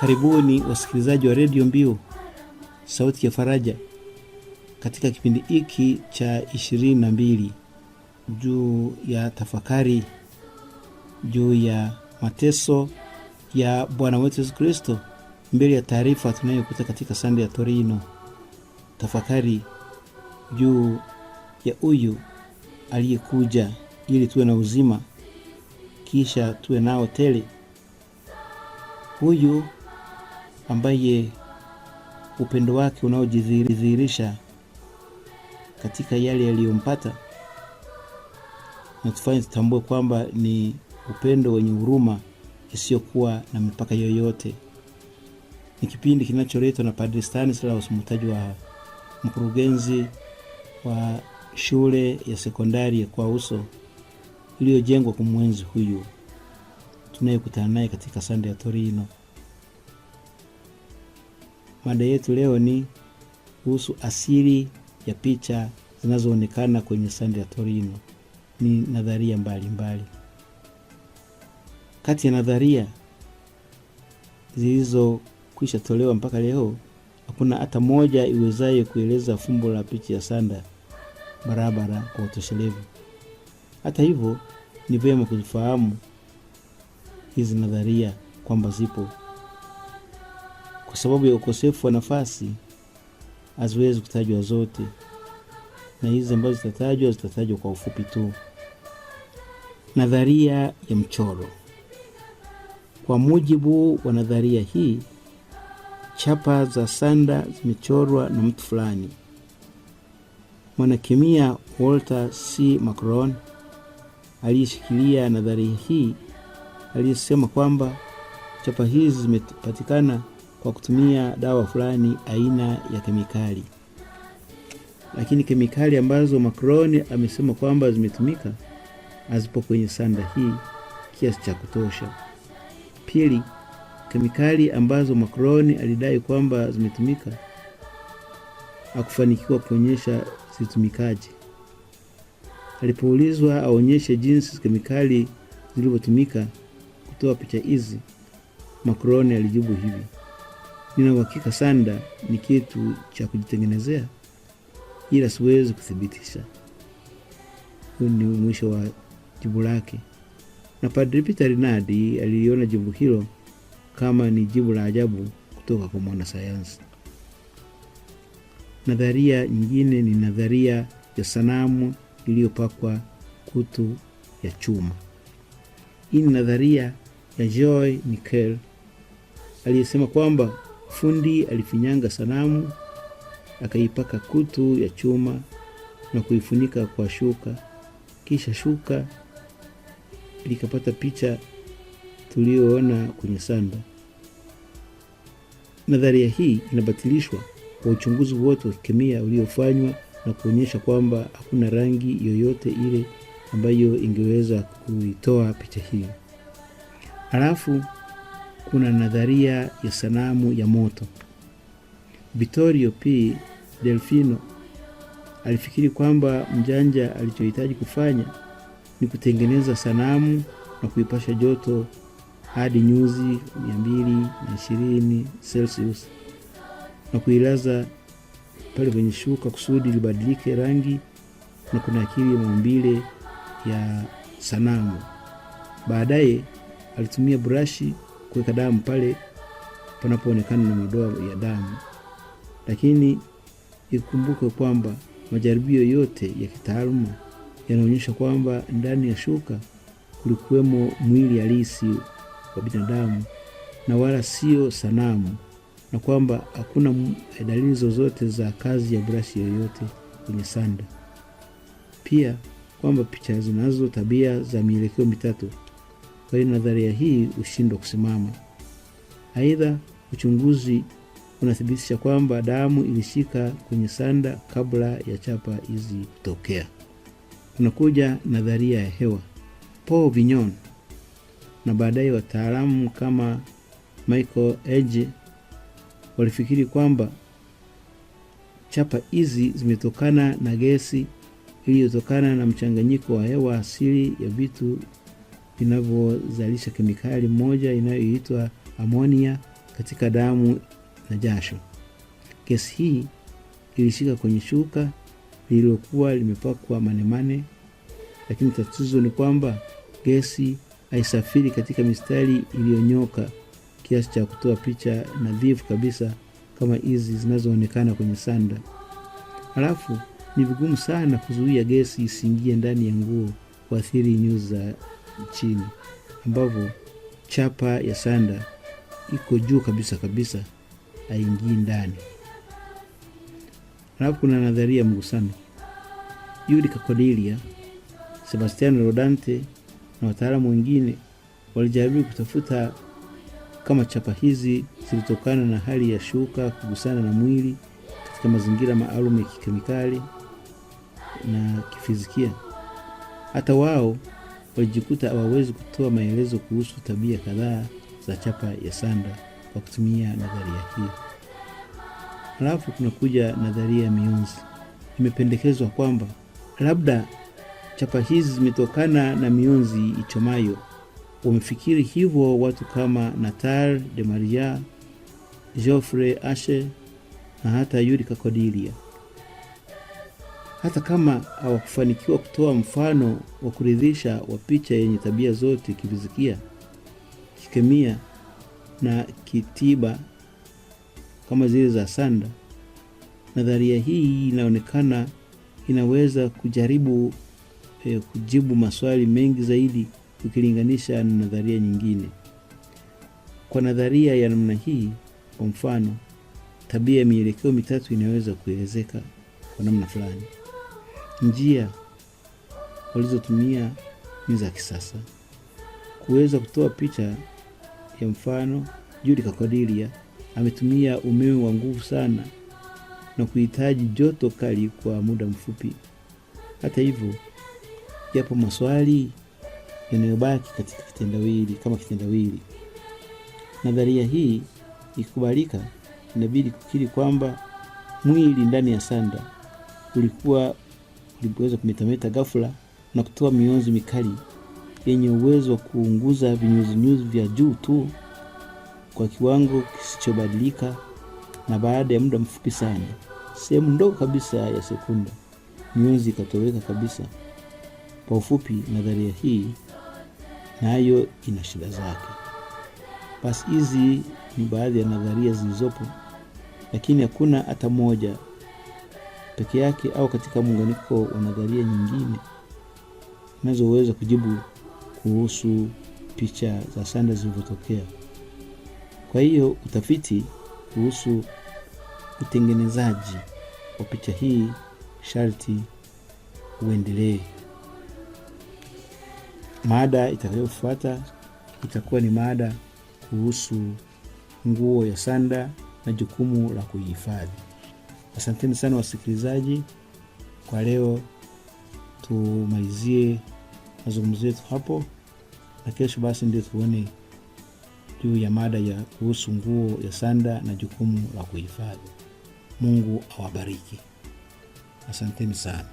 Karibuni wasikilizaji wa redio Mbiu sauti ya Faraja katika kipindi hiki cha ishirini na mbili juu ya tafakari juu ya mateso ya Bwana wetu Yesu Kristo mbele ya taarifa tunayokuta katika sande ya Torino. Tafakari juu ya huyu aliyekuja ili tuwe na uzima kisha tuwe nao tele. Huyu ambaye upendo wake unaojidhihirisha katika yale yaliyompata natufanye tutambue kwamba ni upendo wenye huruma isiyokuwa na mipaka yoyote. Ni kipindi kinacholetwa na Padri Stanislaus Mutajwaha, mkurugenzi wa shule ya sekondari ya Kwauso iliyojengwa kumwenzi huyu tunayekutana naye katika sande ya Torino. Mada yetu leo ni kuhusu asili ya picha zinazoonekana kwenye sanda ya Torino ni nadharia mbalimbali. Kati ya nadharia zilizokwisha tolewa mpaka leo, hakuna hata moja iwezaye kueleza fumbo la picha ya sanda barabara kwa utoshelevu. Hata hivyo, ni vyema kuzifahamu hizi nadharia kwamba zipo kwa sababu ya ukosefu wa nafasi haziwezi kutajwa zote, na hizi ambazo zitatajwa zitatajwa kwa ufupi tu. Nadharia ya mchoro. Kwa mujibu wa nadharia hii, chapa za sanda zimechorwa na mtu fulani. Mwanakemia Walter C. Macron aliyeshikilia nadharia hii aliyesema kwamba chapa hizi zimepatikana kwa kutumia dawa fulani aina ya kemikali, lakini kemikali ambazo Macron amesema kwamba zimetumika hazipo kwenye sanda hii kiasi cha kutosha. Pili, kemikali ambazo Macron alidai kwamba zimetumika hakufanikiwa kuonyesha zitumikaje. Alipoulizwa aonyeshe jinsi kemikali zilivyotumika kutoa picha hizi, Macron alijibu hivi: Nina uhakika sanda ni kitu cha kujitengenezea, ila siwezi kuthibitisha. Huu ni mwisho wa jibu lake, na Padri Peter Rinaldi aliliona jibu hilo kama ni jibu la ajabu kutoka kwa sayansi Nadharia nyingine ni nadharia ya sanamu iliyopakwa kutu ya chuma. Hii ni nadharia ya Joy Nikel aliyesema kwamba Fundi alifinyanga sanamu akaipaka kutu ya chuma na kuifunika kwa shuka, kisha shuka likapata picha tuliyoona kwenye sanda. Nadharia hii inabatilishwa kwa uchunguzi wote wa kikemia uliofanywa na kuonyesha kwamba hakuna rangi yoyote ile ambayo ingeweza kuitoa picha hiyo. Halafu kuna nadharia ya sanamu ya moto. Vittorio P Delfino alifikiri kwamba mjanja alichohitaji kufanya ni kutengeneza sanamu na kuipasha joto hadi nyuzi 220 Celsius na kuilaza pale kwenye shuka kusudi libadilike rangi na kunakili maumbile ya sanamu. Baadaye alitumia brashi kuweka damu pale panapoonekana na madoa ya damu. Lakini ikumbuke kwamba majaribio yote ya kitaaluma yanaonyesha kwamba ndani ya shuka kulikuwemo mwili halisi wa binadamu na wala sio sanamu, na kwamba hakuna dalili zozote za kazi ya brashi yoyote kwenye sanda. Pia kwamba picha zinazo tabia za mielekeo mitatu kwa hiyo nadharia hii hushindwa kusimama. Aidha, uchunguzi unathibitisha kwamba damu ilishika kwenye sanda kabla ya chapa hizi kutokea. Unakuja nadharia ya hewa Paul vinyon na baadaye wataalamu kama Michael Edge walifikiri kwamba chapa hizi zimetokana na gesi iliyotokana na mchanganyiko wa hewa asili ya vitu vinavyozalisha kemikali moja inayoitwa amonia katika damu na jasho. Gesi hii ilishika kwenye shuka lililokuwa limepakwa manemane, lakini tatizo ni kwamba gesi haisafiri katika mistari iliyonyoka kiasi cha kutoa picha nadhifu kabisa kama hizi zinazoonekana kwenye sanda. Halafu ni vigumu sana kuzuia gesi isiingie ndani ya nguo kuathiri nyuzi za nchini, ambapo chapa ya sanda iko juu kabisa kabisa, haingii ndani. alafu kuna nadharia ya mgusano. Yulika Cordelia, Sebastiano Rodante na wataalamu wengine walijaribu kutafuta kama chapa hizi zilitokana na hali ya shuka kugusana na mwili katika mazingira maalum ya kikemikali na kifizikia. Hata wao walijikuta hawawezi kutoa maelezo kuhusu tabia kadhaa za chapa ya sanda kwa kutumia nadharia hii. Halafu kunakuja nadharia ya mionzi. Imependekezwa kwamba labda chapa hizi zimetokana na mionzi ichomayo. Wamefikiri hivyo watu kama Natal de Maria, Geoffrey Ashe na hata Yuri Kakodilia hata kama hawakufanikiwa kutoa mfano wa kuridhisha wa picha yenye tabia zote kifizikia, kikemia na kitiba kama zile za sanda. Nadharia hii inaonekana inaweza kujaribu eh, kujibu maswali mengi zaidi ukilinganisha na nadharia nyingine. Kwa nadharia ya namna hii, kwa mfano, tabia ya mielekeo mitatu inaweza kuelezeka kwa namna fulani njia walizotumia ni za kisasa kuweza kutoa picha ya mfano. Julius kakodilia ametumia umeme wa nguvu sana na kuhitaji joto kali kwa muda mfupi. Hata hivyo, yapo maswali yanayobaki katika kitendawili kama kitendawili. Nadharia hii ikikubalika, inabidi kukiri kwamba mwili ndani ya sanda ulikuwa ilipoweza kumetameta ghafla na kutoa mionzi mikali yenye uwezo wa kuunguza vinyuzinyuzi vya juu tu kwa kiwango kisichobadilika, na baada ya muda mfupi sana, sehemu ndogo kabisa ya sekunda, mionzi ikatoweka kabisa. Kwa ufupi, nadharia hii nayo na ina shida zake. Basi hizi ni baadhi ya nadharia zilizopo, lakini hakuna hata moja peke yake au katika muunganiko wa nadharia nyingine unazoweza kujibu kuhusu picha za sanda zilivyotokea. Kwa hiyo utafiti kuhusu utengenezaji wa picha hii sharti uendelee. Mada itakayofuata itakuwa ni mada kuhusu nguo ya sanda na jukumu la kuihifadhi. Asanteni sana wasikilizaji, kwa leo tumalizie mazungumzo yetu hapo, na kesho basi ndio tuone juu ya mada ya kuhusu nguo ya sanda na jukumu la kuhifadhi. Mungu awabariki. Asanteni sana.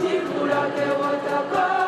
ত্রিপুরাকে